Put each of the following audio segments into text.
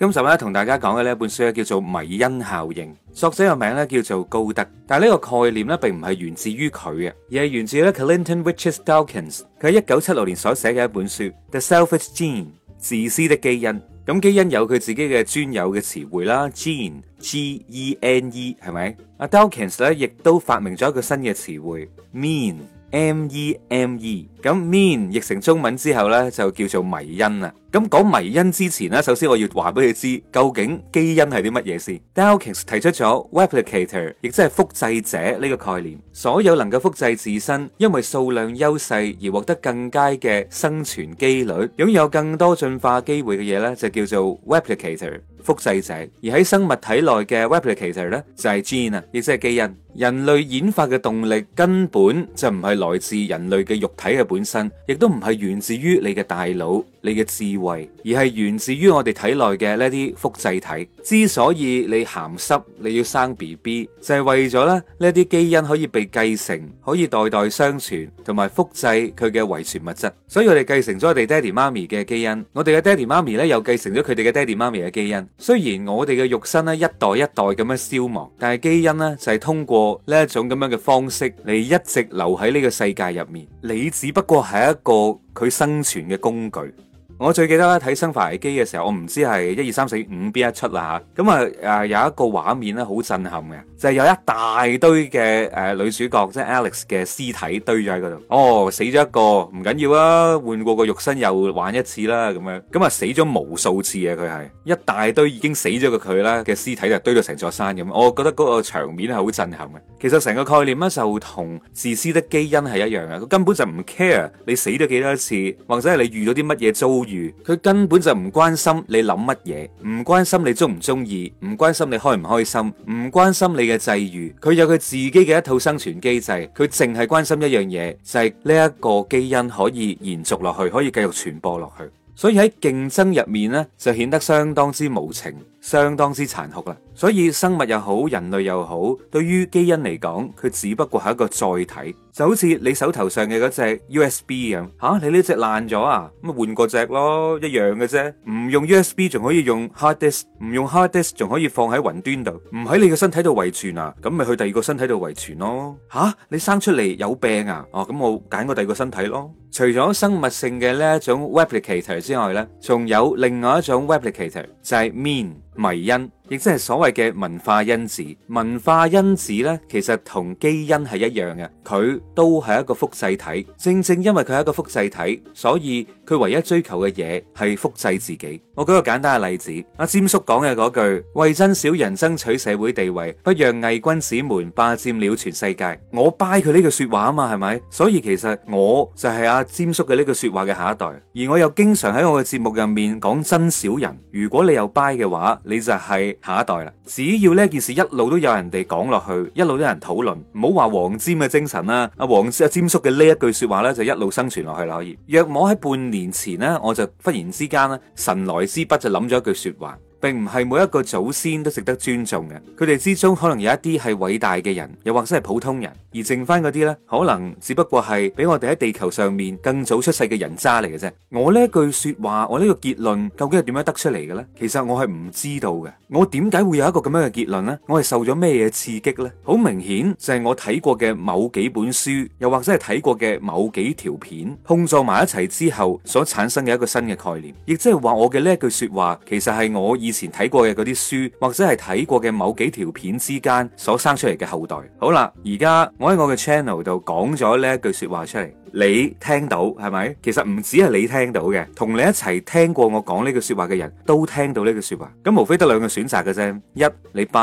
今集咧同大家講嘅呢一本書咧叫做《迷因效應》，作者嘅名咧叫做高德，但係呢個概念咧並唔係源自於佢嘅，而係源自咧 Clinton Richard Dawkins 佢喺一九七六年所寫嘅一本書《The Selfish Gene》自私的基因。咁基因有佢自己嘅專有嘅詞彙啦，gene，g e n e，係咪？阿 Dawkins 咧亦都發明咗一個新嘅詞彙 mean。M E M E，咁 mean 譯成中文之後呢就叫做迷因啊。咁講迷因之前呢，首先我要話俾你知，究竟基因係啲乜嘢先。Dawkins 提出咗 replicator，亦即係複製者呢個概念。所有能夠複製自身，因為數量優勢而獲得更佳嘅生存機率，擁有更多進化機會嘅嘢呢，就叫做 replicator，複製者。而喺生物體內嘅 replicator 呢就係 gene 啊，亦即係基因。人類演化嘅動力根本就唔係來自人類嘅肉體嘅本身，亦都唔係源自於你嘅大腦、你嘅智慧，而係源自於我哋體內嘅呢啲複製體。之所以你鹹濕，你要生 B B，就係為咗咧呢啲基因可以被繼承，可以代代相傳，同埋複製佢嘅遺傳物質。所以我哋繼承咗我哋爹哋媽咪嘅基因，我哋嘅爹哋媽咪咧又繼承咗佢哋嘅爹哋媽咪嘅基因。雖然我哋嘅肉身咧一代一代咁樣消亡，但係基因呢就係通過呢一種咁樣嘅方式，你一直留喺呢個世界入面，你只不過係一個佢生存嘅工具。我最記得咧，睇《生化危機》嘅時候，我唔知係一二三四五邊一出啦嚇。咁啊誒、呃、有一個畫面咧，好震撼嘅，就係、是、有一大堆嘅誒、呃、女主角即係 Alex 嘅屍體堆咗喺嗰度。哦，死咗一個唔緊要啦，換過個肉身又玩一次啦咁樣。咁啊死咗無數次啊，佢係一大堆已經死咗嘅佢咧嘅屍體就堆到成座山咁。我覺得嗰個場面咧係好震撼嘅。其實成個概念咧，就同自私的基因係一樣嘅，佢根本就唔 care 你死咗幾多次，或者係你遇到啲乜嘢遭。佢根本就唔關心你諗乜嘢，唔關心你鍾唔鍾意，唔關心你開唔開心，唔關心你嘅際遇，佢有佢自己嘅一套生存機制，佢淨係關心一樣嘢，就係呢一個基因可以延續落去，可以繼續傳播落去，所以喺競爭入面呢，就顯得相當之無情，相當之殘酷啦。所以生物又好，人類又好，對於基因嚟講，佢只不過係一個載體，就好似你手頭上嘅嗰隻 USB 咁。吓、啊，你呢隻爛咗啊，咁換過隻咯，一樣嘅啫。唔用 USB 仲可以用 hard disk，唔用 hard disk 仲可以放喺雲端度，唔喺你嘅身體度遺傳啊，咁咪去第二個身體度遺傳咯。吓、啊，你生出嚟有病啊？哦、啊，咁我揀個第二個身體咯。除咗生物性嘅呢一種 replicator 之外呢，仲有另外一種 replicator 就係 meme，迷因。亦即係所謂嘅文化因子，文化因子呢，其實同基因係一樣嘅，佢都係一個複製體。正正因為佢係一個複製體，所以佢唯一追求嘅嘢係複製自己。我舉個簡單嘅例子，阿詹叔講嘅嗰句：為真小人爭取社會地位，不讓偽君子們霸佔了全世界。我掰佢呢句說話啊嘛，係咪？所以其實我就係阿詹叔嘅呢句說話嘅下一代，而我又經常喺我嘅節目入面講真小人。如果你又掰嘅話，你就係。下一代啦，只要呢件事一路都有人哋講落去，一路都有人討論，唔好話黃沾嘅精神啦，阿黃阿沾叔嘅呢一句說話呢，就一路生存落去啦可以。約莫喺半年前呢，我就忽然之間呢，神來之筆就諗咗一句說話。並唔係每一個祖先都值得尊重嘅，佢哋之中可能有一啲係偉大嘅人，又或者係普通人，而剩翻嗰啲呢，可能只不過係比我哋喺地球上面更早出世嘅人渣嚟嘅啫。我呢句說話，我呢個結論，究竟係點樣得出嚟嘅呢？其實我係唔知道嘅，我點解會有一個咁樣嘅結論呢？我係受咗咩嘢刺激呢？好明顯就係我睇過嘅某幾本書，又或者係睇過嘅某幾條片，碰撞埋一齊之後所產生嘅一個新嘅概念，亦即係話我嘅呢句說話，其實係我以以前睇過嘅嗰啲書，或者係睇過嘅某幾條片之間所生出嚟嘅後代。好啦，而家我喺我嘅 channel 度講咗呢一句說話出嚟。你聽到係咪？其實唔止係你聽到嘅，同你一齊聽過我講呢句説話嘅人都聽到呢句説話。咁無非得兩個選擇嘅啫，一你拜，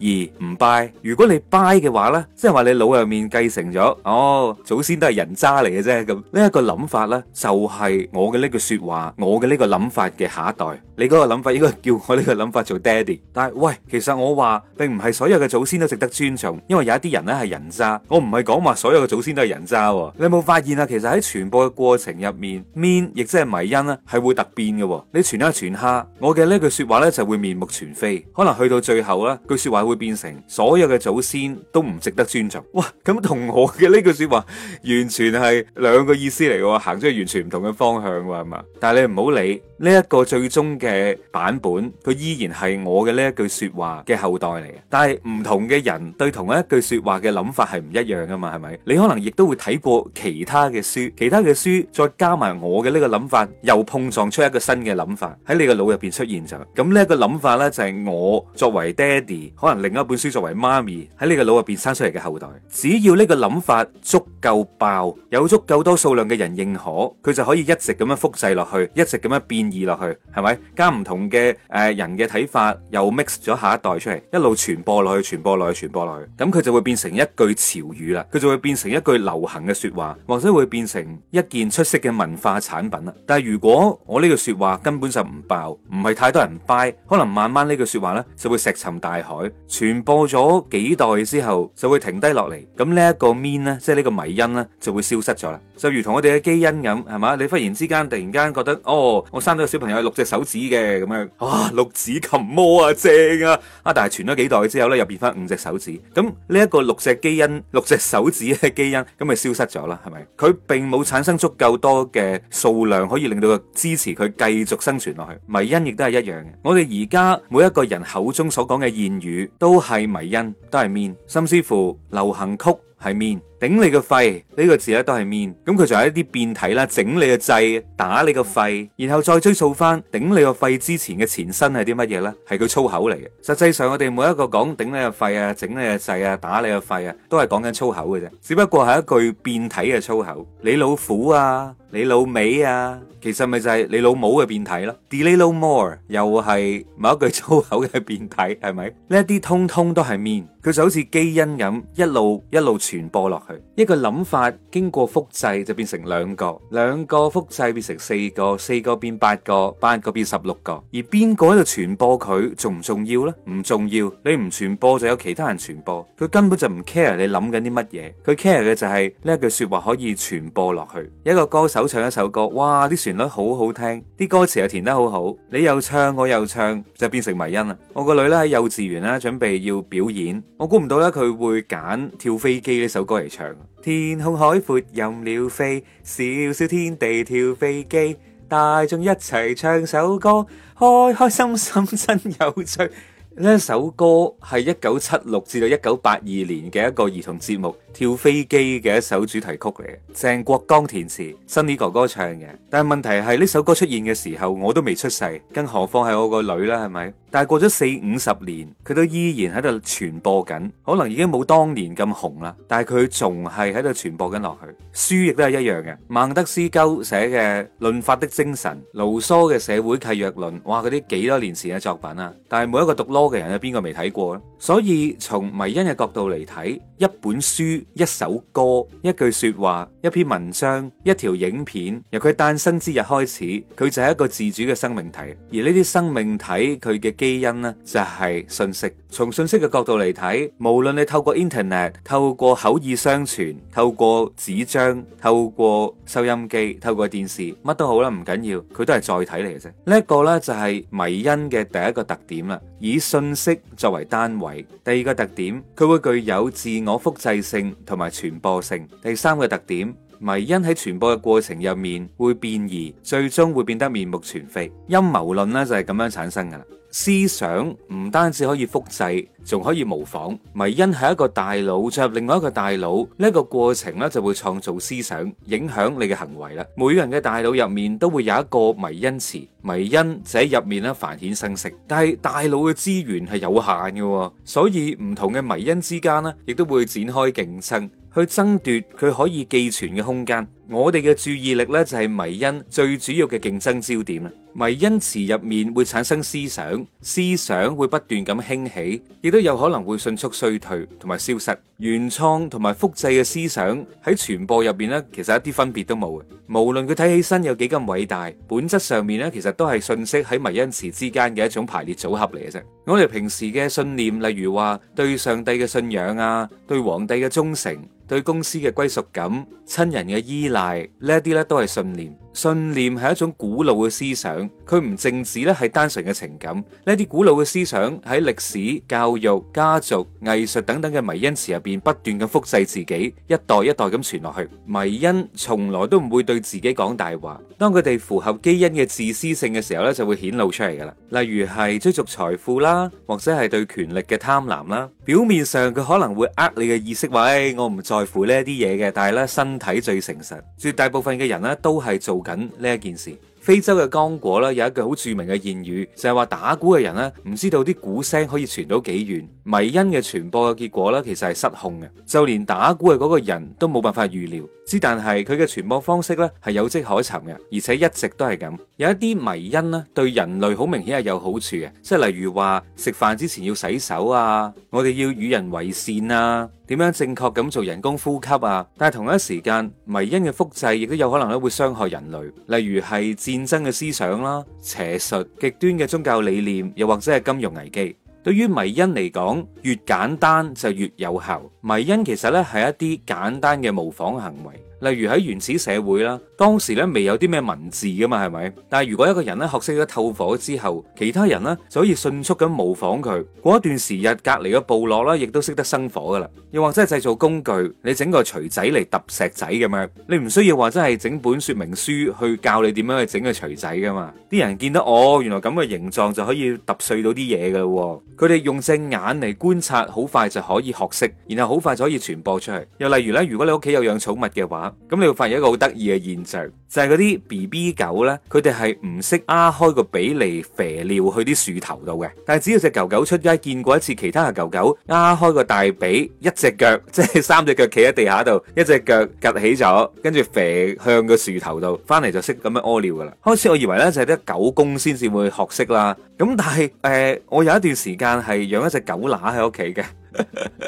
二唔拜。如果你拜嘅話呢，即係話你腦入面繼承咗，哦，祖先都係人渣嚟嘅啫。咁呢一個諗法呢，就係我嘅呢句説話，我嘅呢個諗法嘅下一代，你嗰個諗法應該叫我呢個諗法做爹哋。但係喂，其實我話並唔係所有嘅祖先都值得尊重，因為有一啲人呢係人渣。我唔係講話所有嘅祖先都係人渣。你有冇發現？其實喺傳播嘅過程入面，面亦即係迷因啦，係會突變嘅。你傳下傳下，我嘅呢句説話咧就會面目全非。可能去到最後咧，句説話會變成所有嘅祖先都唔值得尊重。哇！咁同我嘅呢句説話完全係兩個意思嚟喎，行咗去完全唔同嘅方向喎，係嘛？但係你唔好理。呢一個最終嘅版本，佢依然係我嘅呢一句説話嘅後代嚟嘅。但係唔同嘅人對同一句説話嘅諗法係唔一樣噶嘛？係咪？你可能亦都會睇過其他嘅書，其他嘅書再加埋我嘅呢個諗法，又碰撞出一個新嘅諗法喺你個腦入邊出現咗。咁呢一個諗法呢，就係我作為爹哋，可能另一本書作為媽咪，喺你個腦入邊生出嚟嘅後代。只要呢個諗法足夠爆，有足夠多數量嘅人認可，佢就可以一直咁樣複製落去，一直咁樣變。意落去，係咪？ 加唔同嘅，誒，人嘅睇法，又 mix 咗下一代出嚟，一路傳播落去，傳播落去，傳播落去，咁佢就會變成一句潮語啦，佢就會變成一句流行嘅說話，或者會變成一件出色嘅文化產品啦。但係如果我呢句說話根本就唔爆，唔係太多人 buy，可能慢慢呢句說話呢就會石沉大海，傳播咗幾代之後就會停低落嚟，咁呢一個 mean 呢，即係呢個迷因呢，就會消失咗啦。就如同我哋嘅基因咁，係嘛，你忽然之間突然間覺得哦，我生。呢個小朋友六隻手指嘅咁樣，哇、啊，六指琴魔啊，正啊！啊，但係傳咗幾代之後呢，又變翻五隻手指。咁呢一個六隻基因、六隻手指嘅基因，咁咪消失咗啦？係咪？佢並冇產生足夠多嘅數量，可以令到佢支持佢繼續生存落去。迷因亦都係一樣嘅。我哋而家每一個人口中所講嘅諺語，都係迷因，都係面，甚至乎流行曲。係面，頂你個肺呢個字咧都係面，咁佢仲有一啲變體啦，整你個掣，打你個肺，然後再追溯翻頂你個肺之前嘅前身係啲乜嘢咧？係佢粗口嚟嘅。實際上我哋每一個講頂你個肺啊，整你個掣啊，打你個肺啊，都係講緊粗口嘅啫，只不過係一句變體嘅粗口。你老虎啊！你老味啊，其實咪就係你老母嘅變體咯。Delay no more 又係某一句粗口嘅變體，係咪？呢一啲通通都係 meme，佢就好似基因咁一,一路一路傳播落去。一個諗法經過複製就變成兩個，兩個複製變成四個，四個變八個，八個變十六個。而邊個喺度傳播佢重唔重要咧？唔重要，你唔傳播就有其他人傳播。佢根本就唔 care 你諗緊啲乜嘢，佢 care 嘅就係呢一句説話可以傳播落去。一個歌手。首唱一首歌，哇！啲旋律好好聽，啲歌詞又填得好好。你又唱我又唱，就變成迷因啦。我個女咧喺幼稚園咧，準備要表演，我估唔到咧佢會揀跳飛機呢首歌嚟唱。天空海闊任鳥飛，小小天地跳飛機，大眾一齊唱首歌，開開心心真有趣。呢首歌係一九七六至到一九八二年嘅一個兒童節目《跳飛機》嘅一首主題曲嚟嘅，鄭國江填詞，心理哥哥唱嘅。但係問題係呢首歌出現嘅時候，我都未出世，更何況係我個女啦，係咪？但係過咗四五十年，佢都依然喺度傳播緊，可能已經冇當年咁紅啦。但係佢仲係喺度傳播緊落去。書亦都係一樣嘅，孟德斯鳩寫嘅《論法的精神》，盧梭嘅《社會契約論》，哇，嗰啲幾多年前嘅作品啊！但係每一個讀 law 嘅人，有邊個未睇過咧？所以從迷因嘅角度嚟睇，一本書、一首歌、一句說話、一篇文章、一條影片，由佢誕生之日開始，佢就係一個自主嘅生命體。而呢啲生命體，佢嘅基因呢，就係信息，從信息嘅角度嚟睇，無論你透過 internet，透過口耳相傳，透過紙張，透過收音機，透過電視，乜都好啦，唔緊要，佢都係載體嚟嘅啫。呢一個呢就係迷因嘅第一個特點啦，以信息作為單位。第二個特點，佢會具有自我複製性同埋傳播性。第三個特點。迷因喺傳播嘅過程入面會變異，最終會變得面目全非。陰謀論呢就係咁樣產生噶啦。思想唔單止可以複製，仲可以模仿。迷因係一個大腦進入另外一個大腦呢，呢個過程呢就會創造思想，影響你嘅行為啦。每人嘅大腦入面都會有一個迷因池，迷因就喺入面咧繁衍生息。但係大腦嘅資源係有限嘅，所以唔同嘅迷因之間呢亦都會展開競爭。去爭奪佢可以寄存嘅空間，我哋嘅注意力咧就係迷因最主要嘅競爭焦點啦。迷因池入面會產生思想，思想會不斷咁興起，亦都有可能會迅速衰退同埋消失。原創同埋複製嘅思想喺傳播入邊咧，其實一啲分別都冇嘅。無論佢睇起身有幾咁偉大，本質上面咧其實都係信息喺迷因池之間嘅一種排列組合嚟嘅啫。我哋平時嘅信念，例如話對上帝嘅信仰啊，對皇帝嘅忠誠。對公司嘅歸屬感、親人嘅依賴呢一啲咧，都係信念。信念係一種古老嘅思想，佢唔淨止咧係單純嘅情感。呢一啲古老嘅思想喺歷史、教育、家族、藝術等等嘅迷因池入邊不斷咁複製自己，一代一代咁傳落去。迷因從來都唔會對自己講大話，當佢哋符合基因嘅自私性嘅時候咧，就會顯露出嚟噶啦。例如係追逐財富啦，或者係對權力嘅貪婪啦。表面上佢可能會呃你嘅意識，話誒我唔再。在乎呢啲嘢嘅，但係咧身體最誠實，絕大部分嘅人咧都係做緊呢一件事。非洲嘅剛果啦，有一句好著名嘅諺語，就係話打鼓嘅人咧唔知道啲鼓聲可以傳到幾遠。迷因嘅傳播嘅結果咧，其實係失控嘅，就連打鼓嘅嗰個人都冇辦法預料。之但係佢嘅傳播方式咧係有跡可尋嘅，而且一直都係咁。有一啲迷因咧對人類好明顯係有好處嘅，即係例如話食飯之前要洗手啊，我哋要與人為善啊。點樣正確咁做人工呼吸啊？但係同一時間，迷因嘅複製亦都有可能咧會傷害人類，例如係戰爭嘅思想啦、邪術、極端嘅宗教理念，又或者係金融危機。對於迷因嚟講，越簡單就越有效。迷因其實咧係一啲簡單嘅模仿行為。例如喺原始社會啦，當時咧未有啲咩文字噶嘛，係咪？但係如果一個人咧學識咗透火之後，其他人咧就可以迅速咁模仿佢。過一段時日，隔離嘅部落啦，亦都識得生火噶啦。又或者係製造工具，你整個錘仔嚟揼石仔咁樣，你唔需要話真係整本説明書去教你點樣去整個錘仔噶嘛。啲人見到哦，原來咁嘅形狀就可以揼碎到啲嘢噶啦。佢哋用隻眼嚟觀察，好快就可以學識，然後好快就可以傳播出去。又例如咧，如果你屋企有養寵物嘅話，咁你會發現一個好得意嘅現象，就係、是、嗰啲 B B 狗呢，佢哋係唔識拉開個髀嚟肥尿去啲樹頭度嘅。但係只要隻狗狗出街見過一次其他嘅狗狗，拉開個大髀，一隻腳即係三隻腳企喺地下度，一隻腳夾起咗，跟住肥向個樹頭度，翻嚟就識咁樣屙尿噶啦。開始我以為呢，就係、是、啲狗公先至會學識啦。咁但係誒、呃，我有一段時間係養一隻狗乸喺屋企嘅。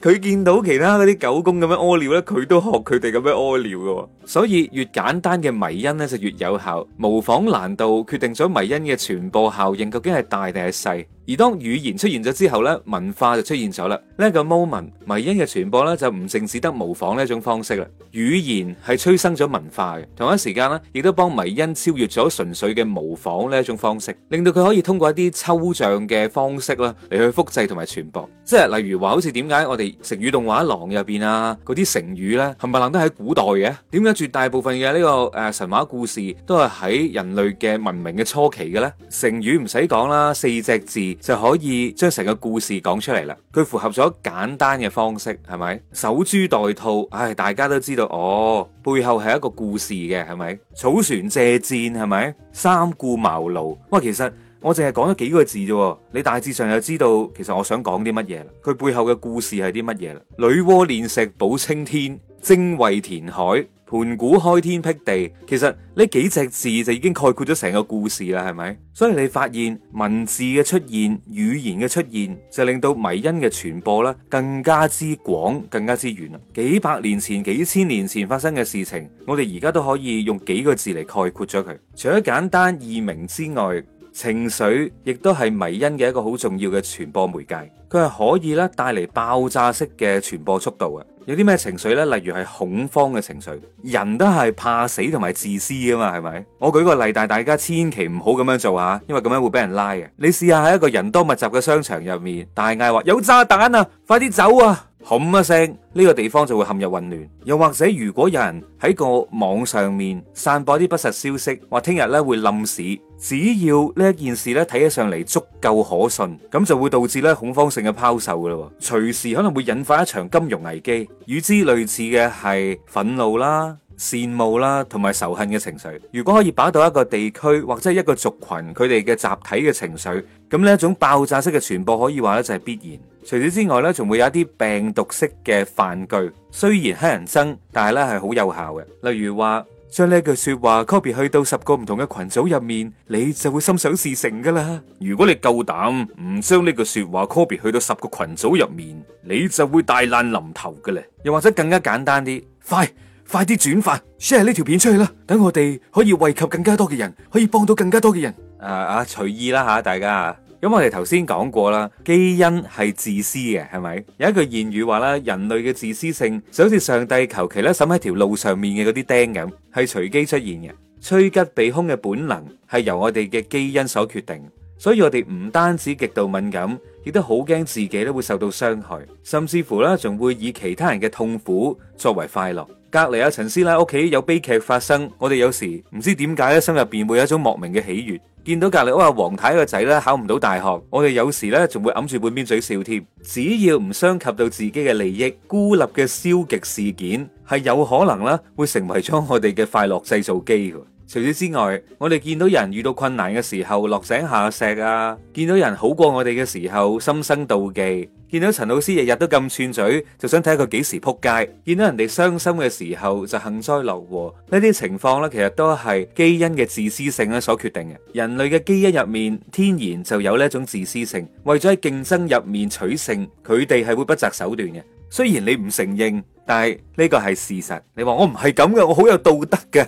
佢 見到其他嗰啲狗公咁樣屙尿咧，佢都學佢哋咁樣屙尿嘅。所以越簡單嘅迷因咧就越有效。模仿難度決定咗迷因嘅傳播效應究竟係大定係細。而當語言出現咗之後咧，文化就出現咗啦。呢、這、一個 moment 迷因嘅傳播咧就唔淨止得模仿呢一種方式啦。語言係催生咗文化嘅，同一時間咧亦都幫迷因超越咗純粹嘅模仿呢一種方式，令到佢可以通過一啲抽象嘅方式啦嚟去複製同埋傳播。即係例如話，好似點解？我哋成語動畫廊入邊啊，嗰啲成語咧，冚唪唥都喺古代嘅。點解絕大部分嘅呢、這個誒、呃、神話故事都係喺人類嘅文明嘅初期嘅咧？成語唔使講啦，四隻字就可以將成個故事講出嚟啦。佢符合咗簡單嘅方式，係咪？守株待兔，唉，大家都知道哦，背後係一個故事嘅，係咪？草船借箭，係咪？三顧茅廬，哇，其實。我淨係講咗幾個字啫，你大致上就知道其實我想講啲乜嘢啦。佢背後嘅故事係啲乜嘢啦？女媧煉石補青天，精衛填海，盤古開天闢地。其實呢幾隻字就已經概括咗成個故事啦，係咪？所以你發現文字嘅出現，語言嘅出現，就令到迷因嘅傳播咧更加之廣，更加之遠啦。幾百年前，幾千年前發生嘅事情，我哋而家都可以用幾個字嚟概括咗佢。除咗簡單易明之外，情緒亦都係迷因嘅一個好重要嘅傳播媒介，佢係可以咧帶嚟爆炸式嘅傳播速度嘅。有啲咩情緒呢？例如係恐慌嘅情緒，人都係怕死同埋自私啊嘛，係咪？我舉個例，但大家千祈唔好咁樣做啊，因為咁樣會俾人拉嘅。你試下喺一個人多密集嘅商場入面，大嗌，話有炸彈啊，快啲走啊！喊一聲，呢個地方就會陷入混亂。又或者，如果有人喺個網上面散播啲不實消息，話聽日咧會冧市，只要呢件事咧睇起上嚟足夠可信，咁就會導致咧恐慌性嘅拋售㗎喇，隨時可能會引發一場金融危機。與之類似嘅係憤怒啦。羨慕啦，同埋仇恨嘅情緒。如果可以把到一個地區或者一個族群佢哋嘅集體嘅情緒，咁呢一種爆炸式嘅傳播，可以話呢就係必然。除此之外呢，仲會有一啲病毒式嘅範句。雖然黑人憎，但係呢係好有效嘅。例如話，將呢句說話 copy 去到十個唔同嘅群組入面，你就會心想事成噶啦。如果你夠膽唔將呢句說話 copy 去到十個群組入面，你就會大難臨頭噶咧。又或者更加簡單啲，快！快啲轉發，share 呢條片出去啦！等我哋可以惠及更加多嘅人，可以幫到更加多嘅人。啊啊！隨、啊、意啦吓，大家啊！咁我哋頭先講過啦，基因係自私嘅，係咪？有一句諺語話啦，人類嘅自私性就好似上帝求其咧，審喺條路上面嘅嗰啲釘咁，係隨機出現嘅。趨吉避凶嘅本能係由我哋嘅基因所決定，所以我哋唔單止極度敏感，亦都好驚自己咧會受到傷害，甚至乎咧仲會以其他人嘅痛苦作為快樂。隔籬阿陳師奶屋企有悲劇發生，我哋有時唔知點解咧心入邊會有一種莫名嘅喜悅。見到隔籬屋阿黃太個仔咧考唔到大學，我哋有時咧仲會揞住半邊嘴笑添。只要唔傷及到自己嘅利益，孤立嘅消極事件係有可能咧會成為咗我哋嘅快樂製造機嘅。除此之外，我哋見到人遇到困難嘅時候落井下石啊，見到人好過我哋嘅時候心生妒忌，見到陳老 C 日日都咁串嘴，就想睇佢幾時撲街，見到人哋傷心嘅時候就幸災樂禍，呢啲情況咧，其實都係基因嘅自私性啊所決定嘅。人類嘅基因入面天然就有呢一種自私性，為咗喺競爭入面取勝，佢哋係會不擇手段嘅。雖然你唔承認，但係呢個係事實。你話我唔係咁嘅，我好有道德噶。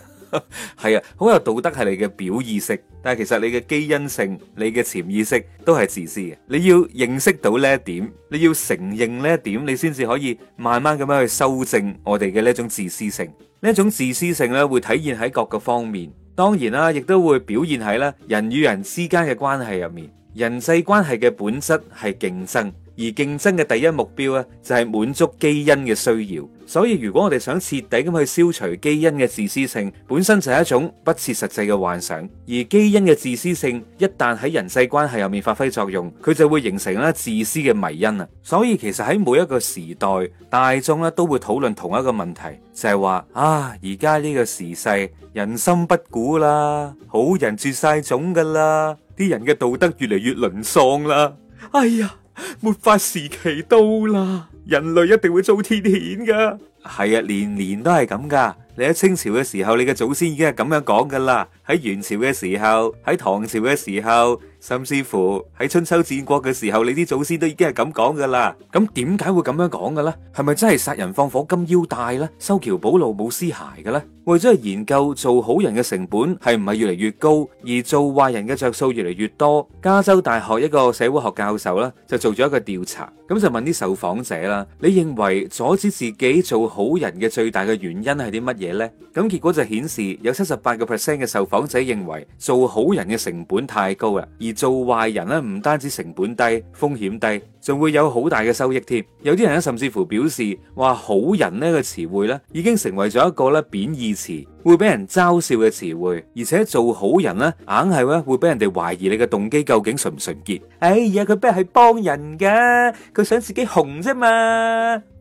係啊，好有道德係你嘅表意識，但係其實你嘅基因性，你嘅潛意識都係自私嘅。你要認識到呢一點，你要承認呢一點，你先至可以慢慢咁樣去修正我哋嘅呢一種自私性。呢一種自私性咧，會體現喺各個方面，當然啦，亦都會表現喺咧人與人之間嘅關係入面。人際關係嘅本質係競爭。而競爭嘅第一目標咧，就係滿足基因嘅需要。所以如果我哋想徹底咁去消除基因嘅自私性，本身就係一種不切實際嘅幻想。而基因嘅自私性一旦喺人際關係入面發揮作用，佢就會形成咧自私嘅迷因啊！所以其實喺每一個時代，大眾咧都會討論同一個問題，就係話啊，而家呢個時勢人心不古啦，好人絕曬種㗎啦，啲人嘅道德越嚟越淪喪啦。哎呀！末法時期到啦，人類一定會遭天譴噶。係啊，年年都係咁噶。你喺清朝嘅時候，你嘅祖先已經係咁樣講噶啦。喺元朝嘅時候，喺唐朝嘅時候，甚至乎喺春秋戰國嘅時候，你啲祖先都已經係咁講噶啦。咁點解會咁樣講嘅咧？係咪真係殺人放火金腰帶咧？修橋補路冇屍骸嘅咧？為咗去研究做好人嘅成本係唔係越嚟越高，而做壞人嘅着數越嚟越多，加州大學一個社會學教授啦就做咗一個調查，咁就問啲受訪者啦，你認為阻止自己做好人嘅最大嘅原因係啲乜嘢呢？咁結果就顯示有七十八個 percent 嘅受訪者認為做好人嘅成本太高啦，而做壞人咧唔單止成本低、風險低，仲會有好大嘅收益添。有啲人咧甚至乎表示話好人呢個詞彙呢已經成為咗一個咧貶義。詞會俾人嘲笑嘅詞彙，而且做好人咧，硬係會俾人哋懷疑你嘅動機究竟純唔純潔？哎呀，佢不係幫人噶，佢想自己紅啫嘛，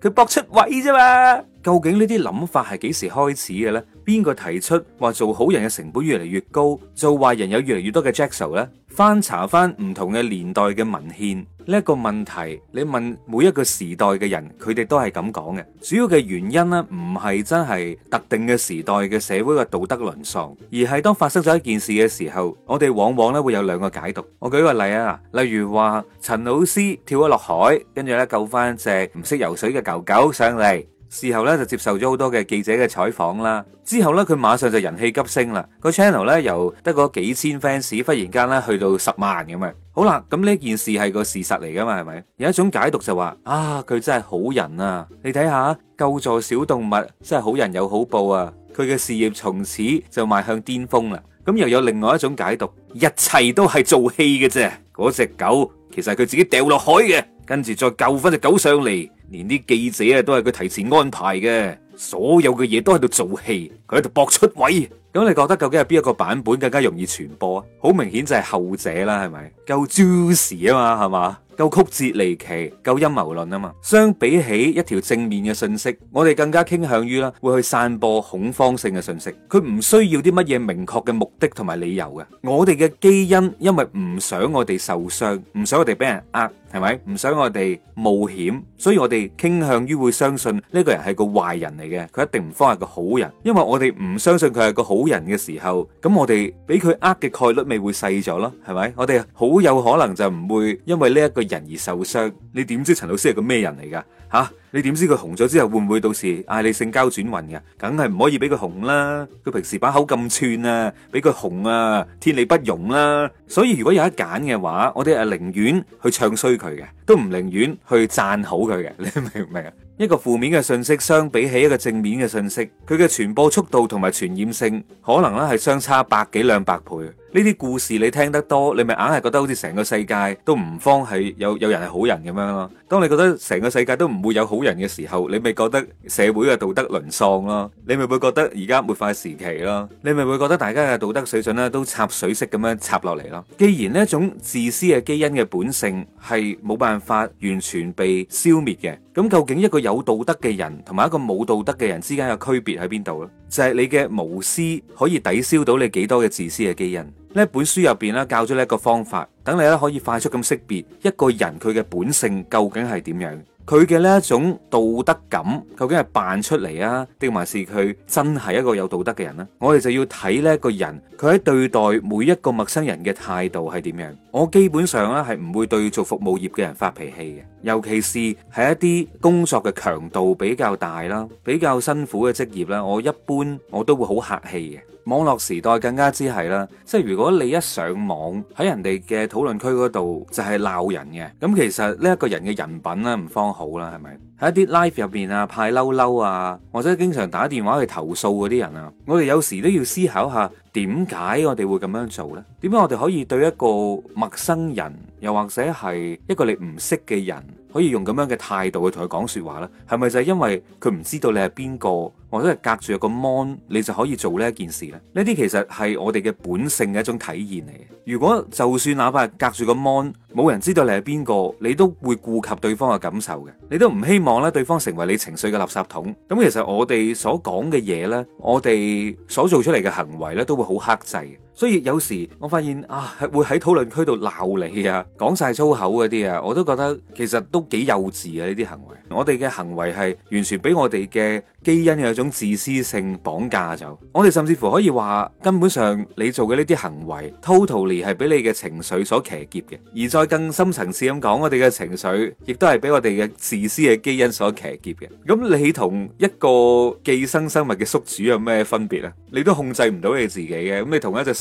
佢搏出位啫嘛。究竟呢啲諗法係幾時開始嘅呢？邊個提出話做好人嘅成本越嚟越高，做壞人有越嚟越多嘅著數咧？翻查翻唔同嘅年代嘅文獻。呢個問題，你問每一個時代嘅人，佢哋都係咁講嘅。主要嘅原因呢，唔係真係特定嘅時代嘅社會嘅道德淪喪，而係當發生咗一件事嘅時候，我哋往往呢會有兩個解讀。我舉個例啊，例如話陳老師跳咗落海，跟住呢救翻隻唔識游水嘅狗狗上嚟。事後咧就接受咗好多嘅記者嘅採訪啦，之後咧佢馬上就人氣急升啦，個 channel 咧由得嗰幾千 fans 忽然間咧去到十萬咁啊！好啦，咁呢件事係個事實嚟噶嘛，係咪？有一種解讀就話啊，佢真係好人啊！你睇下救助小動物真係好人有好報啊！佢嘅事業從此就邁向巔峰啦！咁又有另外一種解讀，一切都係做戲嘅啫，嗰隻狗其實係佢自己掉落海嘅。跟住再救翻隻狗上嚟，連啲記者啊都係佢提前安排嘅，所有嘅嘢都喺度做戲，佢喺度搏出位。咁你覺得究竟係邊一個版本更加容易傳播啊？好明顯就係後者啦，係咪夠 juicy 啊嘛？係咪？夠曲折離奇，夠陰謀論啊嘛。相比起一條正面嘅信息，我哋更加傾向於啦會去散播恐慌性嘅信息。佢唔需要啲乜嘢明確嘅目的同埋理由嘅。我哋嘅基因因為唔想我哋受傷，唔想我哋俾人呃。係咪唔想我哋冒險，所以我哋傾向於會相信呢個人係個壞人嚟嘅，佢一定唔方係個好人。因為我哋唔相信佢係個好人嘅時候，咁我哋俾佢呃嘅概率咪會細咗咯？係咪？我哋好有可能就唔會因為呢一個人而受傷。你點知陳老師係個咩人嚟㗎？吓、啊，你點知佢紅咗之後會唔會到時嗌你性交轉運嘅？梗係唔可以俾佢紅啦！佢平時把口咁串啊，俾佢紅啊，天理不容啦！所以如果有得揀嘅話，我哋係寧願去唱衰佢嘅，都唔寧願去讚好佢嘅。你明唔明啊？ 一個負面嘅信息相比起一個正面嘅信息，佢嘅傳播速度同埋傳染性，可能咧係相差百幾兩百倍。呢啲故事你聽得多，你咪硬係覺得好似成個世界都唔方係有有人係好人咁樣咯。當你覺得成個世界都唔會有好人嘅時候，你咪覺得社會嘅道德淪喪咯。你咪會覺得而家末法時期咯。你咪會覺得大家嘅道德水準咧都插水式咁樣插落嚟咯。既然呢一種自私嘅基因嘅本性係冇辦法完全被消滅嘅，咁究竟一個有道德嘅人同埋一個冇道德嘅人之間嘅區別喺邊度咧？就係你嘅無私可以抵消到你幾多嘅自私嘅基因。呢本書入邊咧教咗呢一個方法，等你咧可以快速咁識別一個人佢嘅本性究竟係點樣，佢嘅呢一種道德感究竟係扮出嚟啊，定還是佢真係一個有道德嘅人咧？我哋就要睇呢一個人佢喺對待每一個陌生人嘅態度係點樣。我基本上咧係唔會對做服務業嘅人發脾氣嘅，尤其是係一啲工作嘅強度比較大啦、比較辛苦嘅職業啦，我一般我都會好客氣嘅。網絡時代更加之係啦，即係如果你一上網喺人哋嘅討論區嗰度就係鬧人嘅，咁其實呢一個人嘅人品咧唔方好啦，係咪？喺一啲 live 入邊啊派嬲嬲啊，或者經常打電話去投訴嗰啲人啊，我哋有時都要思考下點解我哋會咁樣做呢？點解我哋可以對一個陌生人，又或者係一個你唔識嘅人？可以用咁樣嘅態度去同佢講説話咧，係咪就係因為佢唔知道你係邊個，或者係隔住個 mon 你就可以做呢一件事咧？呢啲其實係我哋嘅本性嘅一種體現嚟。如果就算哪怕係隔住個 mon，冇人知道你係邊個，你都會顧及對方嘅感受嘅，你都唔希望咧對方成為你情緒嘅垃圾桶。咁、嗯、其實我哋所講嘅嘢呢，我哋所做出嚟嘅行為呢，都會好克制。所以有時我發現啊，會喺討論區度鬧你啊，講晒粗口嗰啲啊，我都覺得其實都幾幼稚啊呢啲行為。我哋嘅行為係完全俾我哋嘅基因有一種自私性綁架咗。我哋甚至乎可以話，根本上你做嘅呢啲行為，totally 係俾你嘅情緒所騎劫嘅。而再更深層次咁講，我哋嘅情緒亦都係俾我哋嘅自私嘅基因所騎劫嘅。咁你同一個寄生生物嘅宿主有咩分別呀？你都控制唔到你自己嘅。咁你同一隻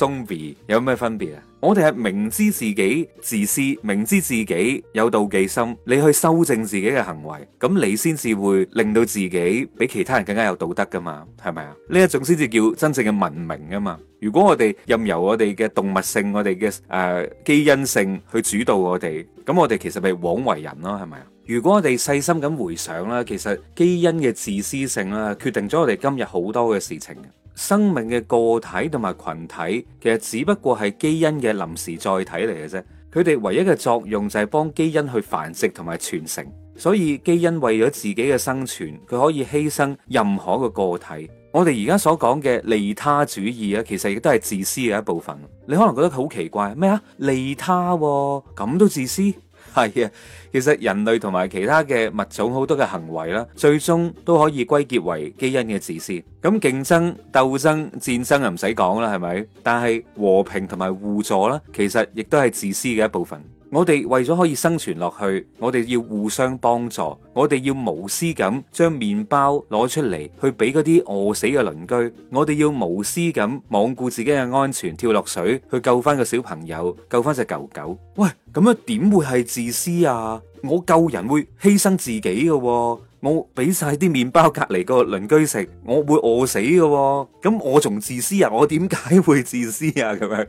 有咩分別啊？我哋係明知自己自私，明知自己有妒忌心，你去修正自己嘅行為，咁你先至會令到自己比其他人更加有道德噶嘛？係咪啊？呢一種先至叫真正嘅文明啊嘛！如果我哋任由我哋嘅動物性、我哋嘅誒基因性去主導我哋，咁我哋其實咪枉為人咯，係咪啊？如果我哋細心咁回想啦，其實基因嘅自私性啦，決定咗我哋今日好多嘅事情。生命嘅個體同埋群體，其實只不過係基因嘅臨時載體嚟嘅啫。佢哋唯一嘅作用就係幫基因去繁殖同埋傳承。所以基因為咗自己嘅生存，佢可以犧牲任何嘅個體。我哋而家所講嘅利他主義啊，其實亦都係自私嘅一部分。你可能覺得佢好奇怪咩啊？利他啊，咁都自私？係啊，其實人類同埋其他嘅物種好多嘅行為啦，最終都可以歸結為基因嘅自私。咁競爭、鬥爭、戰爭啊，唔使講啦，係咪？但係和平同埋互助啦，其實亦都係自私嘅一部分。我哋為咗可以生存落去，我哋要互相幫助，我哋要無私咁將麵包攞出嚟，去俾嗰啲餓死嘅鄰居，我哋要無私咁罔顧自己嘅安全跳落水去救翻個小朋友，救翻隻狗狗。喂，咁樣點會係自私啊？我救人會犧牲自己㗎喎，我俾晒啲麵包隔離個鄰居食，我會餓死㗎喎，咁我仲自私啊？我點解會自私啊？咁樣？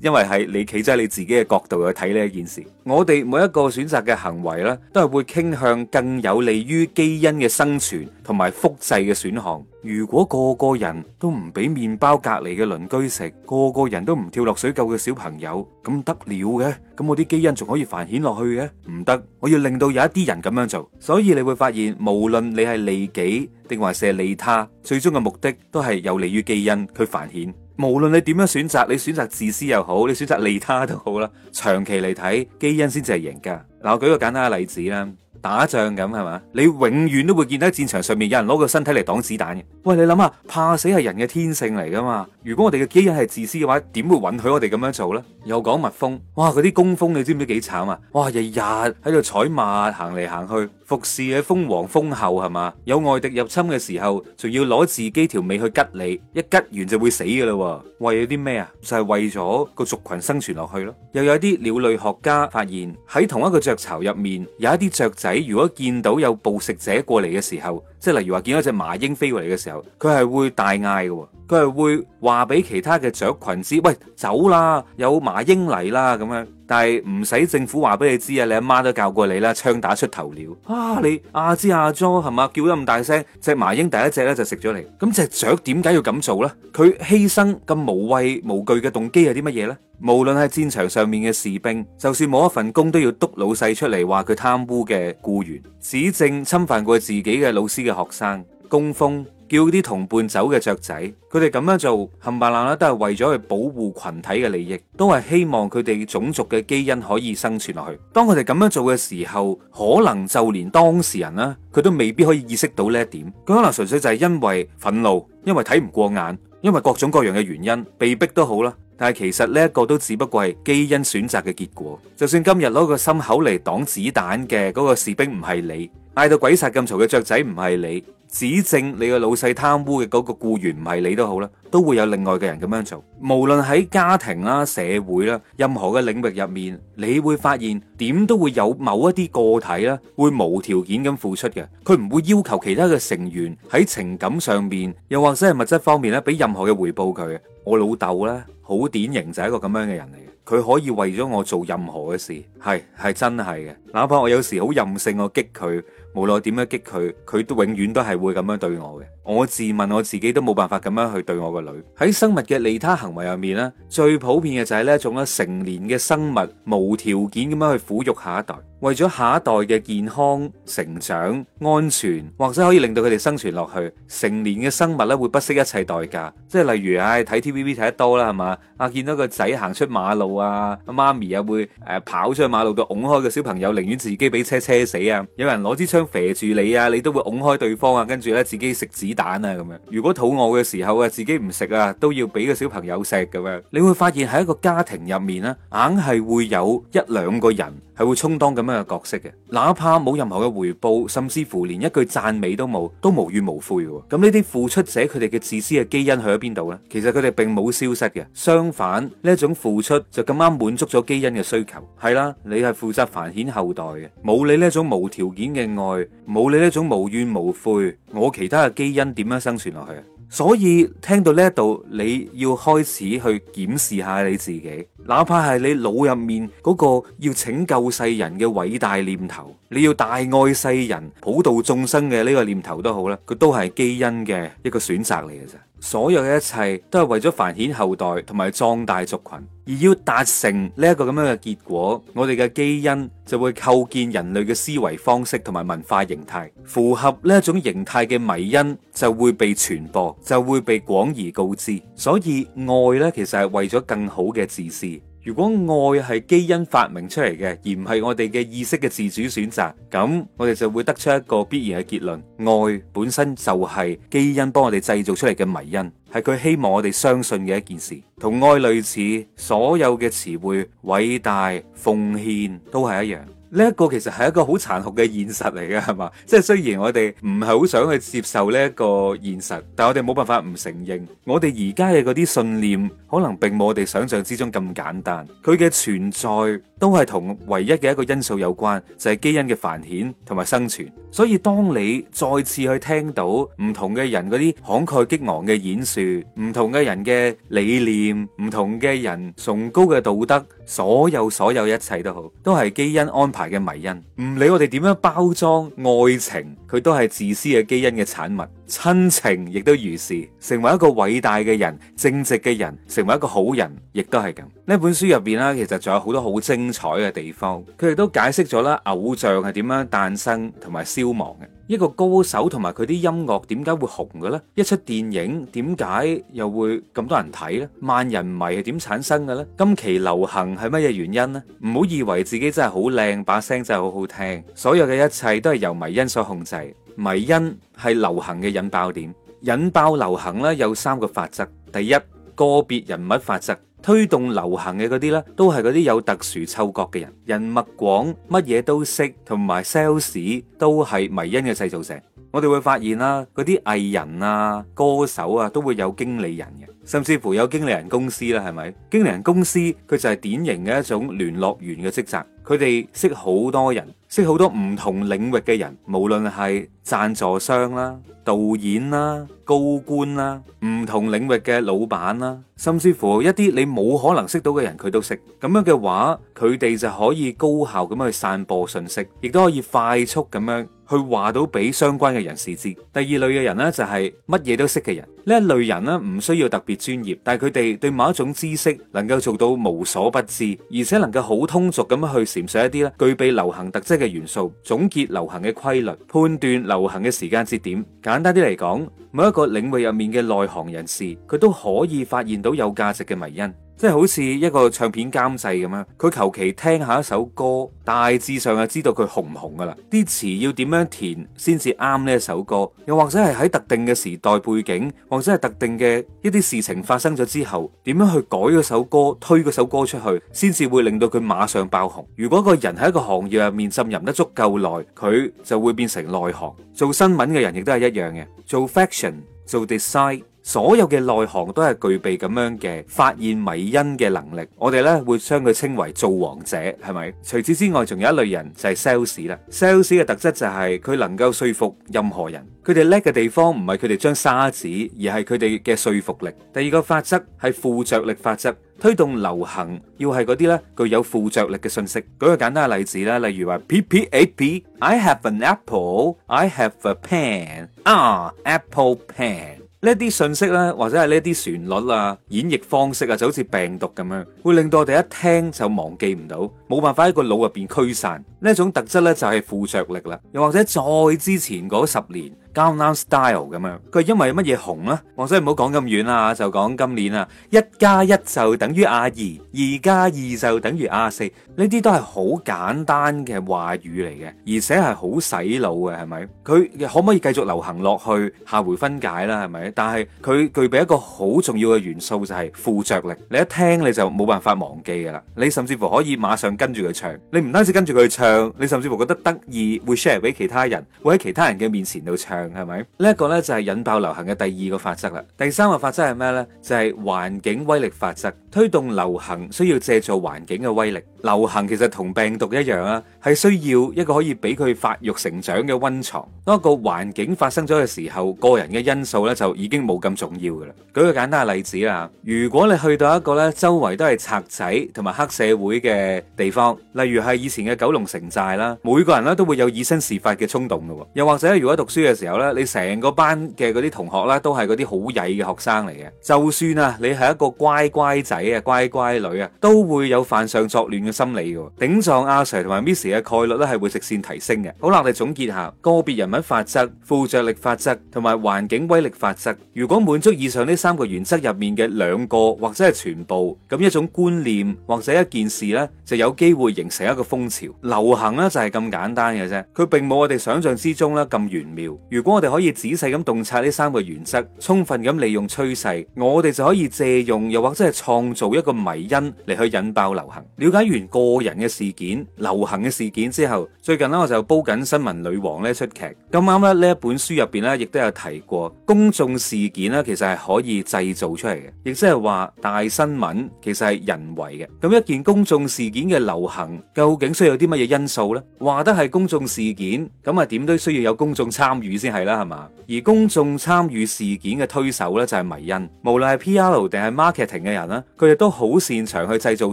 因為係你企咗喺你自己嘅角度去睇呢一件事，我哋每一個選擇嘅行為咧，都係會傾向更有利於基因嘅生存同埋複製嘅選項。如果個個人都唔俾麵包隔籬嘅鄰居食，個個人都唔跳落水救嘅小朋友，咁得了嘅？咁我啲基因仲可以繁衍落去嘅？唔得，我要令到有一啲人咁樣做。所以你會發現，無論你係利己定還是利他，最終嘅目的都係有利於基因去繁衍。無論你點樣選擇，你選擇自私又好，你選擇利他都好啦。長期嚟睇，基因先至係贏㗎。嗱，我舉個簡單嘅例子啦。打仗咁係嘛？你永遠都會見到喺戰場上面有人攞個身體嚟擋子彈嘅。喂，你諗下，怕死係人嘅天性嚟噶嘛？如果我哋嘅基因係自私嘅話，點會允許我哋咁樣做呢？又講蜜蜂，哇，嗰啲工蜂你知唔知幾慘啊？哇，日日喺度採蜜行嚟行去服侍喺蜂王蜂后係嘛？有外敵入侵嘅時候，仲要攞自己條尾去吉你，一吉完就會死噶啦！為咗啲咩啊？就係為咗個族群生存落去咯。又有啲鳥類學家發現喺同一個雀巢入面有一啲雀仔。如果見到有捕食者過嚟嘅時候，即係例如話見到隻麻鷹飛過嚟嘅時候，佢係會大嗌嘅，佢係會。話俾其他嘅雀群知，喂，走啦，有麻鷹嚟啦咁樣，但係唔使政府話俾你知啊，你阿媽都教過你啦，槍打出頭鳥啊！你阿、啊、之阿 jo 係嘛，叫得咁大聲，隻麻鷹第一隻咧就食咗你。咁隻雀點解要咁做呢？佢犧牲咁無畏無懼嘅動機係啲乜嘢呢？無論係戰場上面嘅士兵，就算冇一份工都要督老細出嚟話佢貪污嘅僱員，指證侵犯過自己嘅老師嘅學生，工蜂。叫啲同伴走嘅雀仔，佢哋咁樣做冚唪唥咧，都係為咗去保護群體嘅利益，都係希望佢哋種族嘅基因可以生存落去。當佢哋咁樣做嘅時候，可能就連當事人啦，佢都未必可以意識到呢一點。佢可能純粹就係因為憤怒，因為睇唔過眼，因為各種各樣嘅原因被逼都好啦。但係其實呢一個都只不過係基因選擇嘅結果。就算今日攞個心口嚟擋子彈嘅嗰個士兵唔係你。嗌到鬼殺咁嘈嘅雀仔唔係你，指證你個老細貪污嘅嗰個雇員唔係你都好啦，都會有另外嘅人咁樣做。無論喺家庭啦、社會啦、任何嘅領域入面，你會發現點都會有某一啲個體啦，會無條件咁付出嘅。佢唔會要求其他嘅成員喺情感上面，又或者係物質方面咧，俾任何嘅回報佢。我老豆咧，好典型就係一個咁樣嘅人嚟嘅。佢可以為咗我做任何嘅事，係係真係嘅。哪怕我有時好任性，我激佢。無論我點樣激佢，佢都永遠都係會咁樣對我嘅。我自問我自己都冇辦法咁樣去對我個女。喺生物嘅利他行為入面咧，最普遍嘅就係呢一種咧，成年嘅生物無條件咁樣去撫育下一代，為咗下一代嘅健康成長、安全或者可以令到佢哋生存落去。成年嘅生物咧，會不惜一切代價，即係例如唉，睇 TVB 睇得多啦，係嘛啊，見到個仔行出馬路啊，媽咪又會誒、呃、跑出去馬路度，拱開個小朋友，寧願自己俾車車死啊！有人攞支槍，搵住你啊，你都會拱開對方啊，跟住咧自己食子彈啊咁樣。如果肚餓嘅時候啊，自己唔食啊，都要俾個小朋友食咁樣。你會發現喺一個家庭入面咧，硬係會有一兩個人。係會充當咁樣嘅角色嘅，哪怕冇任何嘅回報，甚至乎連一句讚美都冇，都無怨無悔。咁呢啲付出者佢哋嘅自私嘅基因去咗邊度呢？其實佢哋並冇消失嘅，相反呢一種付出就咁啱滿足咗基因嘅需求。係啦，你係負責繁衍後代嘅，冇你呢一種無條件嘅愛，冇你呢一種無怨無悔，我其他嘅基因點樣生存落去？所以聽到呢一度，你要開始去檢視下你自己，哪怕係你腦入面嗰個要拯救世人嘅偉大念頭，你要大愛世人、普渡眾生嘅呢個念頭都好啦，佢都係基因嘅一個選擇嚟嘅咋。所有嘅一切都係為咗繁衍後代同埋壯大族群，而要達成呢一個咁樣嘅結果，我哋嘅基因就會構建人類嘅思維方式同埋文化形態，符合呢一種形態嘅迷因就會被傳播，就會被廣而告知。所以愛咧，其實係為咗更好嘅自私。如果愛係基因發明出嚟嘅，而唔係我哋嘅意識嘅自主選擇，咁我哋就會得出一個必然嘅結論：愛本身就係基因幫我哋製造出嚟嘅迷因，係佢希望我哋相信嘅一件事。同愛類似，所有嘅詞彙、偉大、奉獻都係一樣。呢一個其實係一個好殘酷嘅現實嚟嘅，係嘛？即係雖然我哋唔係好想去接受呢一個現實，但我哋冇辦法唔承認。我哋而家嘅嗰啲信念，可能並冇我哋想象之中咁簡單。佢嘅存在都係同唯一嘅一個因素有關，就係基因嘅繁衍同埋生存。所以當你再次去聽到唔同嘅人嗰啲慷慨激昂嘅演說，唔同嘅人嘅理念，唔同嘅人崇高嘅道德。所有所有一切都好，都係基因安排嘅迷因。唔理我哋點樣包裝愛情，佢都係自私嘅基因嘅產物。親情亦都如是，成為一個偉大嘅人、正直嘅人，成為一個好人，亦都係咁。呢本書入邊呢，其實仲有好多好精彩嘅地方，佢哋都解釋咗啦，偶像係點樣誕生同埋消亡嘅，一個高手同埋佢啲音樂點解會紅嘅呢？一出電影點解又會咁多人睇呢？萬人迷係點產生嘅咧？今期流行係乜嘢原因呢？唔好以為自己真係好靚，把聲真係好好聽，所有嘅一切都係由迷因所控制。迷因係流行嘅引爆點，引爆流行咧有三個法則。第一，個別人物法則，推動流行嘅嗰啲咧，都係嗰啲有特殊嗅覺嘅人。人脈廣，乜嘢都識，同埋 sales 都係迷因嘅製造者。我哋會發現啦，嗰啲藝人啊、歌手啊都會有經理人嘅，甚至乎有經理人公司啦，係咪？經理人公司佢就係典型嘅一種聯絡員嘅職責。佢哋識好多人，認識好多唔同領域嘅人，無論係贊助商啦、導演啦、高官啦、唔同領域嘅老闆啦，甚至乎一啲你冇可能識到嘅人，佢都識。咁樣嘅話，佢哋就可以高效咁樣去散播信息，亦都可以快速咁樣去話到俾相關嘅人士知。第二類嘅人呢，就係乜嘢都識嘅人。呢一類人咧，唔需要特別專業，但係佢哋對某一種知識能夠做到無所不知，而且能夠好通俗咁樣去闡述一啲咧，具備流行特質嘅元素，總結流行嘅規律，判斷流行嘅時間節點。簡單啲嚟講，每一個領域入面嘅內行人士，佢都可以發現到有價值嘅迷因，即係好似一個唱片監製咁啊！佢求其聽下一首歌，大致上就知道佢紅唔紅噶啦，啲詞要點樣填先至啱呢一首歌，又或者係喺特定嘅時代背景，或者係特定嘅一啲事情發生咗之後，點樣去改嗰首歌，推嗰首歌出去，先至會令到佢馬上爆紅。如果個人喺一個行業入面浸淫得足夠耐，佢就會變成內行。做新聞嘅人亦都係一樣嘅，做 fashion，做 design。所有嘅內行都係具備咁樣嘅發現迷因嘅能力，我哋呢會將佢稱為造王者，係咪？除此之外，仲有一類人就係 sales 啦。sales 嘅特質就係、是、佢能夠說服任何人。佢哋叻嘅地方唔係佢哋將沙子，而係佢哋嘅說服力。第二個法則係附着力法則，推動流行要係嗰啲呢具有附着力嘅信息。舉個簡單嘅例子啦，例如話 P P A P，I have an apple，I have a pen，Ah, apple pen。呢啲信息咧，或者係呢啲旋律啊、演繹方式啊，就好似病毒咁樣，會令到我哋一聽就忘記唔到，冇辦法喺個腦入邊驅散。呢一種特質呢，就係附着力啦。又或者再之前嗰十年。江南 style 咁樣，佢因為乜嘢紅啦？我、哦、所以唔好講咁遠啦，就講今年啊，一加一就等於啊二，二加二就等於啊四，呢啲都係好簡單嘅話語嚟嘅，而且係好洗腦嘅，係咪？佢可唔可以繼續流行落去？下回分解啦，係咪？但係佢具備一個好重要嘅元素就係附着力，你一聽你就冇辦法忘記㗎啦，你甚至乎可以馬上跟住佢唱，你唔單止跟住佢唱，你甚至乎覺得得意會 share 俾其他人，會喺其他人嘅面前度唱。係咪？呢一個咧就係引爆流行嘅第二個法則啦。第三個法則係咩咧？就係環境威力法則。推動流行需要借助環境嘅威力。流行其實同病毒一樣啊，係需要一個可以俾佢發育成長嘅溫床。當一個環境發生咗嘅時候，個人嘅因素咧就已經冇咁重要噶啦。舉個簡單嘅例子啦，如果你去到一個咧周圍都係賊仔同埋黑社會嘅地方，例如係以前嘅九龍城寨啦，每個人咧都會有以身試法嘅衝動噶。又或者如果讀書嘅時候，啦，你成個班嘅嗰啲同學咧，都係嗰啲好曳嘅學生嚟嘅。就算啊，你係一個乖乖仔啊，乖乖女啊，都會有犯上作亂嘅心理嘅。頂撞阿 Sir 同埋 Miss 嘅概率咧，係會直線提升嘅。好啦，我哋總結下個別人物法則、附着力法則同埋環境威力法則。如果滿足以上呢三個原則入面嘅兩個或者係全部，咁一種觀念或者一件事咧，就有機會形成一個風潮流行啦，就係咁簡單嘅啫。佢並冇我哋想象之中咧咁玄妙。如果我哋可以仔細咁洞察呢三個原則，充分咁利用趨勢，我哋就可以借用又或者係創造一個迷因嚟去引爆流行。了解完個人嘅事件、流行嘅事件之後，最近咧我就煲緊《新聞女王》呢齣劇。咁啱呢，呢一本書入邊呢亦都有提過，公眾事件呢其實係可以製造出嚟嘅，亦即係話大新聞其實係人為嘅。咁一件公眾事件嘅流行，究竟需要啲乜嘢因素呢？話得係公眾事件，咁啊點都需要有公眾參與先。係啦，係嘛？而公眾參與事件嘅推手呢，就係迷因。無論係 P.R. 定係 marketing 嘅人呢，佢哋都好擅長去製造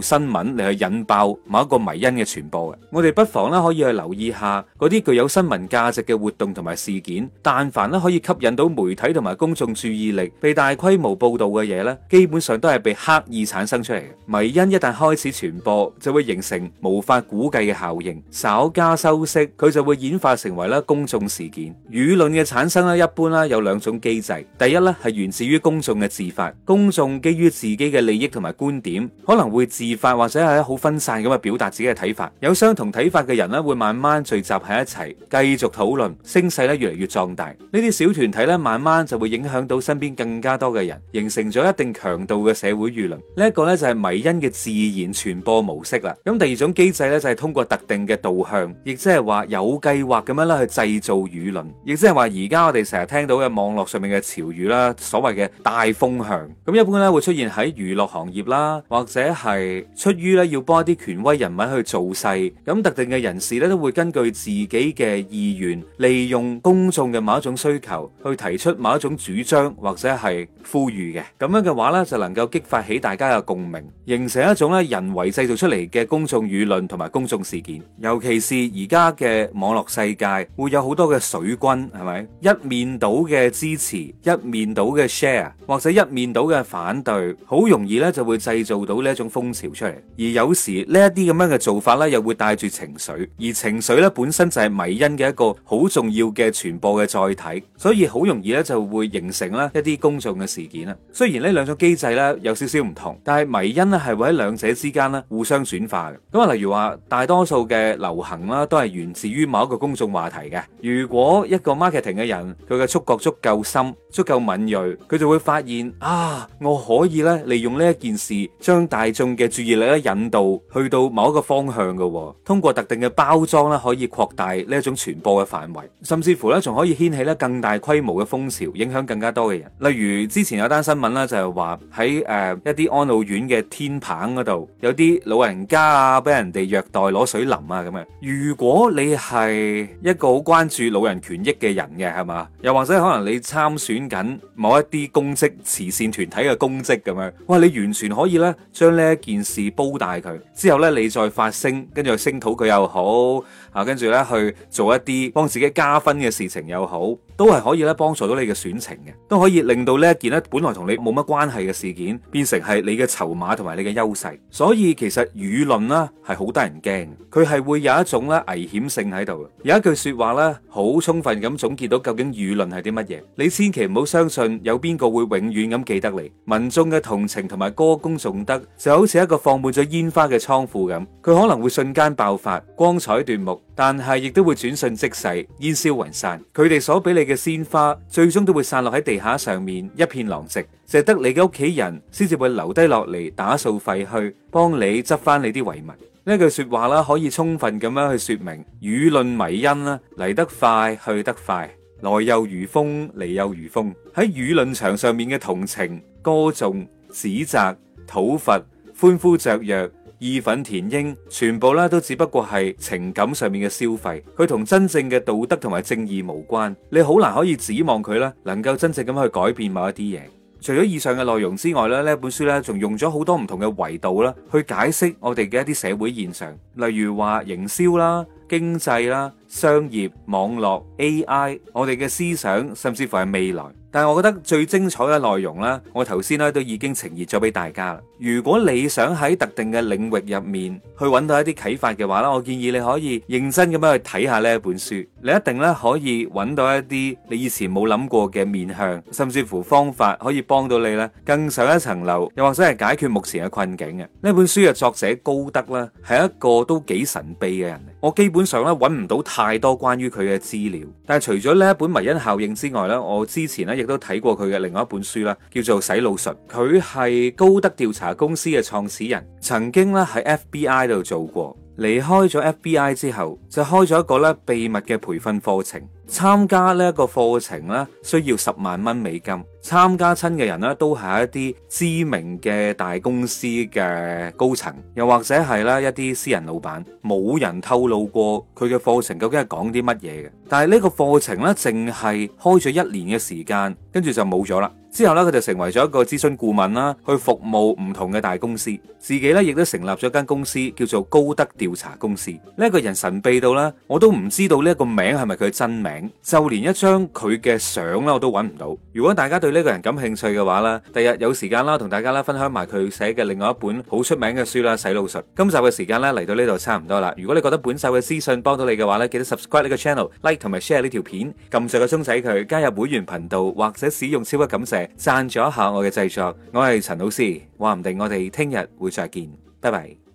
新聞嚟去引爆某一個迷因嘅傳播嘅。我哋不妨啦，可以去留意下嗰啲具有新聞價值嘅活動同埋事件。但凡咧可以吸引到媒體同埋公眾注意力，被大規模報道嘅嘢呢，基本上都係被刻意產生出嚟嘅。迷因一旦開始傳播，就會形成無法估計嘅效應。稍加修飾，佢就會演化成為啦公眾事件、輿論嘅產生咧，一般咧有兩種機制。第一咧係源自於公眾嘅自發，公眾基於自己嘅利益同埋觀點，可能會自發或者係好分散咁去表達自己嘅睇法。有相同睇法嘅人呢，會慢慢聚集喺一齊，繼續討論，聲勢咧越嚟越壯大。呢啲小團體咧，慢慢就會影響到身邊更加多嘅人，形成咗一定強度嘅社會輿論。呢一個咧就係迷因嘅自然傳播模式啦。咁第二種機制咧就係通過特定嘅導向，亦即係話有計劃咁樣咧去製造輿論，亦即係。話而家我哋成日聽到嘅網絡上面嘅潮語啦，所謂嘅大風向，咁一般咧會出現喺娛樂行業啦，或者係出於咧要幫一啲權威人物去造勢，咁特定嘅人士咧都會根據自己嘅意願，利用公眾嘅某一種需求，去提出某一種主張或者係呼籲嘅，咁樣嘅話咧就能夠激發起大家嘅共鳴，形成一種咧人為製造出嚟嘅公眾輿論同埋公眾事件，尤其是而家嘅網絡世界會有好多嘅水軍係。一面倒嘅支持，一面倒嘅 share，或者一面倒嘅反對，好容易咧就會製造到呢一種風潮出嚟。而有時呢一啲咁樣嘅做法咧，又會帶住情緒，而情緒咧本身就係迷因嘅一個好重要嘅傳播嘅載體，所以好容易咧就會形成咧一啲公眾嘅事件啦。雖然呢兩種機制咧有少少唔同，但係迷因咧係會喺兩者之間咧互相轉化嘅。咁啊，例如話大多數嘅流行啦，都係源自於某一個公眾話題嘅。如果一個 market 嘅人，佢嘅觸覺足夠深、足夠敏銳，佢就會發現啊，我可以咧利用呢一件事，將大眾嘅注意力引導去到某一個方向噶喎。通過特定嘅包裝咧，可以擴大呢一種傳播嘅範圍，甚至乎咧仲可以掀起咧更大規模嘅風潮，影響更加多嘅人。例如之前有單新聞咧，就係話喺誒一啲安老院嘅天棚嗰度，有啲老人家啊，俾人哋虐待攞水淋啊咁嘅。如果你係一個好關注老人權益嘅，人嘅係嘛，又或者可能你參選緊某一啲公職、慈善團體嘅公職咁樣，哇！你完全可以呢，將呢一件事煲大佢，之後呢你再發聲，跟住去聲討佢又好，啊，跟住呢去做一啲幫自己加分嘅事情又好。都係可以咧幫助到你嘅選情嘅，都可以令到呢一件咧本來同你冇乜關係嘅事件，變成係你嘅籌碼同埋你嘅優勢。所以其實輿論呢係好得人驚，佢係會有一種咧危險性喺度。有一句說話咧，好充分咁總結到究竟輿論係啲乜嘢。你千祈唔好相信有邊個會永遠咁記得你。民眾嘅同情同埋歌功頌德，就好似一個放滿咗煙花嘅倉庫咁，佢可能會瞬間爆發，光彩奪目。但係亦都會轉瞬即逝，煙消雲散。佢哋所俾你嘅鮮花，最終都會散落喺地下上，上面，一片狼藉。值得你嘅屋企人先至會留低落嚟打掃廢墟，幫你執翻你啲遺物。呢句說話啦，可以充分咁樣去說明輿論迷因，啦，嚟得快，去得快，來又如風，嚟又如風。喺輿論場上面嘅同情、歌頌、指責、討伐、歡呼雀躍、義憤填膺，全部咧都只不過係情感上面嘅消費，佢同真正嘅道德同埋正義無關。你好難可以指望佢咧能夠真正咁去改變某一啲嘢。除咗以上嘅內容之外咧，呢本書咧仲用咗好多唔同嘅維度啦，去解釋我哋嘅一啲社會現象，例如話營銷啦、經濟啦、商業、網絡、AI，我哋嘅思想，甚至乎係未來。但係我覺得最精彩嘅內容呢，我頭先咧都已經呈現咗俾大家啦。如果你想喺特定嘅領域入面去揾到一啲啟發嘅話咧，我建議你可以認真咁樣去睇下呢一本書，你一定咧可以揾到一啲你以前冇諗過嘅面向，甚至乎方法可以幫到你呢，更上一層樓，又或者係解決目前嘅困境嘅。呢本書嘅作者高德呢，係一個都幾神秘嘅人，我基本上咧揾唔到太多關於佢嘅資料，但係除咗呢一本《迷因效應》之外呢，我之前咧。亦都睇過佢嘅另外一本書啦，叫做《洗腦術》，佢係高德調查公司嘅創始人，曾經咧喺 FBI 度做過。離開咗 FBI 之後，就開咗一個咧秘密嘅培訓課程。參加呢一個課程咧，需要十萬蚊美金。參加親嘅人咧，都係一啲知名嘅大公司嘅高層，又或者係咧一啲私人老闆。冇人透露過佢嘅課程究竟係講啲乜嘢嘅。但係呢個課程咧，淨係開咗一年嘅時間，跟住就冇咗啦。之後咧，佢就成為咗一個諮詢顧問啦，去服務唔同嘅大公司。自己咧亦都成立咗一間公司，叫做高德調查公司。呢一個人神秘到咧，我都唔知道呢一個名係咪佢真名，就連一張佢嘅相咧我都揾唔到。如果大家對呢個人感興趣嘅話咧，第日有時間啦，同大家啦分享埋佢寫嘅另外一本好出名嘅書啦《洗腦術》。今集嘅時間咧嚟到呢度差唔多啦。如果你覺得本集嘅資訊幫到你嘅話咧，記得 subscribe 呢個 channel，like 同埋 share 呢條片，撳住個鐘仔佢，加入會員頻道或者使用超級感謝。贊助一下我嘅製作，我係陳老 C，話唔定我哋聽日會再見，拜拜。